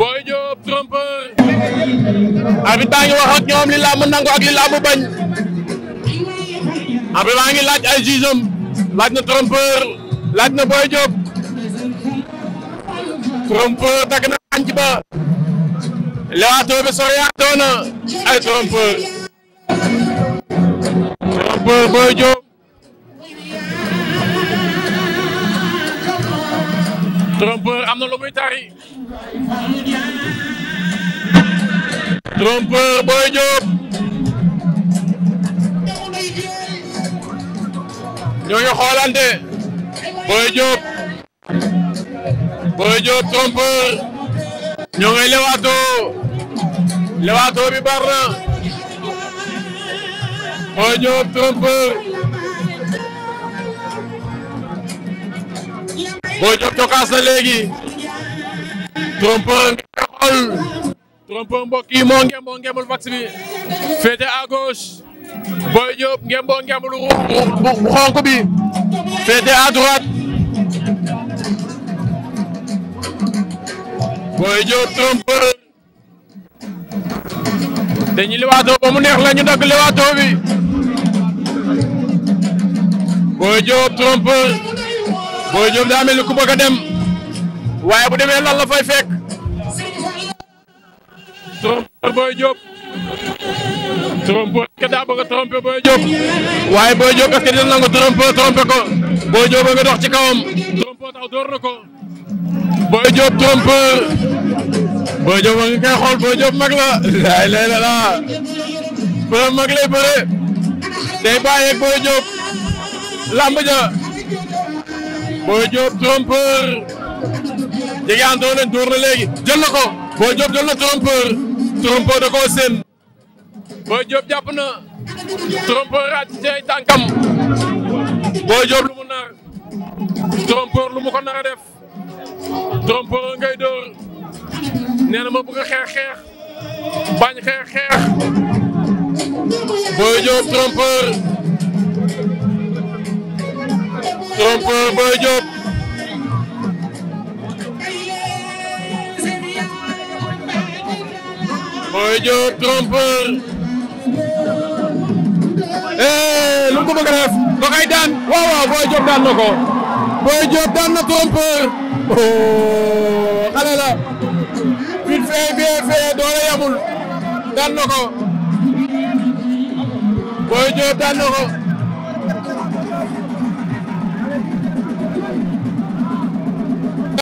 Boy Diop trompeur arbitre baa ngi wax ak ñoom li làmb nangu ak li làmb bañ arbitre baa ngi laaj ay jugeam laaj na trompeur laaj na Boy Diop trompeur dagg na àñc ba lewaatoo bi soriyaatoo na ay trompeur trompeur Boy Diop trompeur am na lu tari trompeur Boy Diop ñoo ngi xoolante Boy Diop Boy Diop trompeur ñoo ngay lewaato lewaato bi bar na Boy Diop trompeur Boy Diop cokaas na léegi trompeur xool trompeur mbokk yi moo ngemboo ngembul vax bi féete à gauche Boy Diop ngemboo ngembul bu xonk bi féete à droite Boy Diop trompeur dañu liwaatoo ba mu neex la bi Boy mel ni ku bëgg dem waaye bu demee la fay fekk trompé Boy Diop. trompé est ce que daa bëgg a waaye Boy Diop est ce que dina nangu trompé trompé ko. Boy Diop a nga dox ci kawam. trompé tax door na ko. Boy Diop trompé. xool Boy Diop mag la. laay lay la laa. borom mag lay bëre. day bàyyeeg Boy Diop. na léegi jël na ko Boy Diop jël na trompeur Trompo da koo seen. Boy Diop jàpp na. Trompo raaj ci ay tànkam. Boy lu mu nar. lu mu ko nar a def. Trompo ngay dóor. na ma bëgg a xeex xeex. bañ xeex xeex. Boy Diop trompeur. trompeur Boy Diop. Boy Diop trompeur. Eh, lu mu ko bëgg a def da koy daan waaw waaw Boy Diop daan na ko. Boy Diop daan na trompeur. Oh, xale la. vite fait bien fait doole yamul daan na ko. Boy Diop daan na ko.